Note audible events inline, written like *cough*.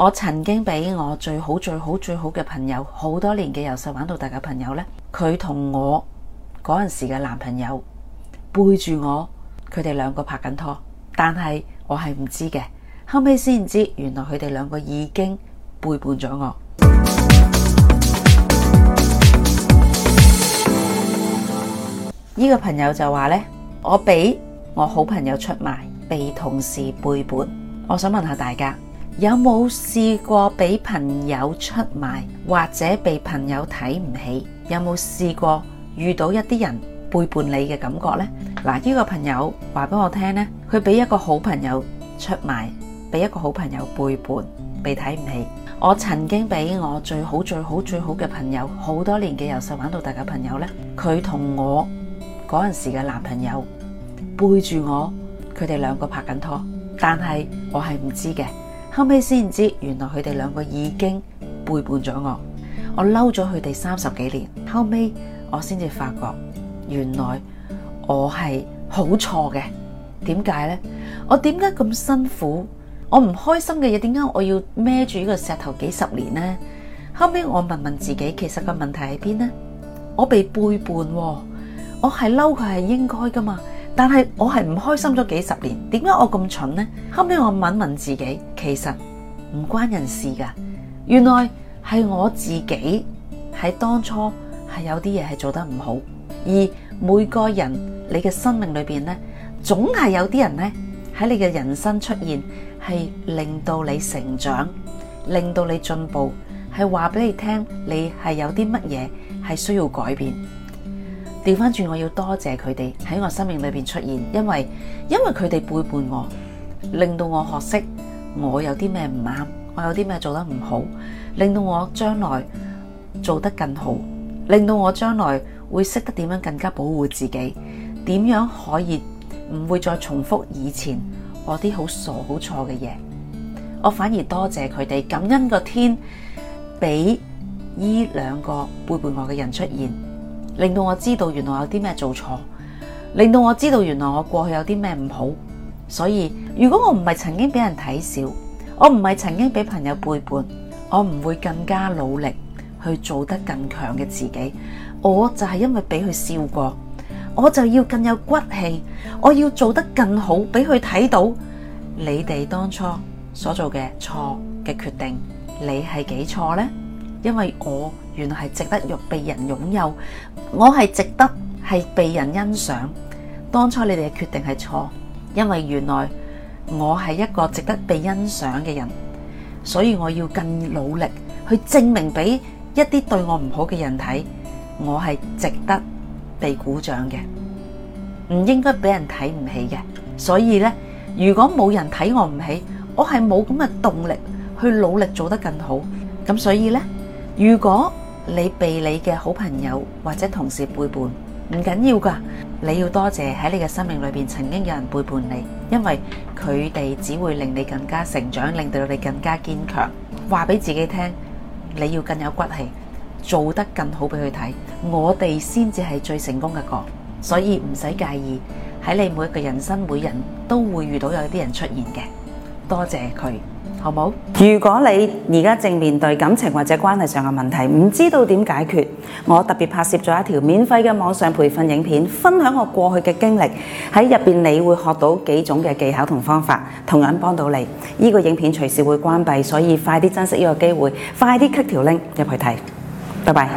我曾經俾我最好最好最好嘅朋友，好多年嘅由細玩到大嘅朋友呢，佢同我嗰陣時嘅男朋友背住我，佢哋兩個拍緊拖，但係我係唔知嘅，後尾先知原來佢哋兩個已經背叛咗我。呢 *music* 個朋友就話呢，我俾我好朋友出賣，被同事背叛。我想問下大家。有冇試過俾朋友出賣，或者被朋友睇唔起？有冇試過遇到一啲人背叛你嘅感覺呢？嗱，呢個朋友話俾我聽呢，佢俾一個好朋友出賣，俾一個好朋友背叛，被睇唔起。我曾經俾我最好最好最好嘅朋友，好多年嘅由細玩到大嘅朋友呢，佢同我嗰時嘅男朋友背住我，佢哋兩個拍緊拖，但係我係唔知嘅。後尾先知，原來佢哋兩個已經背叛咗我，我嬲咗佢哋三十幾年，後尾我先至發覺，原來我係好錯嘅，點解呢？我點解咁辛苦？我唔開心嘅嘢，點解我要孭住呢個石頭幾十年呢？後尾我問問自己，其實個問題喺邊呢？我被背叛，我係嬲佢係應該㗎嘛？但係我係唔開心咗幾十年，點解我咁蠢呢？後尾我問問自己，其實唔關人事噶，原來係我自己喺當初係有啲嘢係做得唔好。而每個人你嘅生命裏邊呢，總係有啲人呢喺你嘅人生出現，係令到你成長，令到你進步，係話俾你聽，你係有啲乜嘢係需要改變。掉返轉，我要多謝佢哋喺我生命裏邊出現，因為因為佢哋背叛我，令到我學識我有啲咩唔啱，我有啲咩做得唔好，令到我將來做得更好，令到我將來會識得點樣更加保護自己，點樣可以唔會再重複以前我啲好傻好錯嘅嘢，我反而多謝佢哋，感恩個天俾呢兩個背叛我嘅人出現。令到我知道原來有啲咩做錯，令到我知道原來我過去有啲咩唔好，所以如果我唔係曾經俾人睇小，我唔係曾經俾朋友背叛，我唔會更加努力去做得更強嘅自己。我就係因為俾佢笑過，我就要更有骨氣，我要做得更好，俾佢睇到你哋當初所做嘅錯嘅決定，你係幾錯呢？因為我。原來係值得被人擁有，我係值得係被人欣賞。當初你哋嘅決定係錯，因為原來我係一個值得被欣賞嘅人，所以我要更努力去證明俾一啲對我唔好嘅人睇，我係值得被鼓掌嘅，唔應該俾人睇唔起嘅。所以呢，如果冇人睇我唔起，我係冇咁嘅動力去努力做得更好。咁所以呢，如果你被你嘅好朋友或者同事背叛，唔緊要㗎，你要多謝喺你嘅生命裏邊曾經有人背叛你，因為佢哋只會令你更加成長，令到你更加堅強。話俾自己聽，你要更有骨氣，做得更好俾佢睇，我哋先至係最成功嘅一個。所以唔使介意喺你每一個人生，每人都會遇到有啲人出現嘅，多謝佢。好冇？如果你而家正面對感情或者關係上嘅問題，唔知道點解決，我特別拍攝咗一條免費嘅網上培訓影片，分享我過去嘅經歷，喺入邊你會學到幾種嘅技巧同方法，同樣幫到你。呢個影片隨時會關閉，所以快啲珍惜呢個機會，快啲 click 條 link 入去睇。拜拜。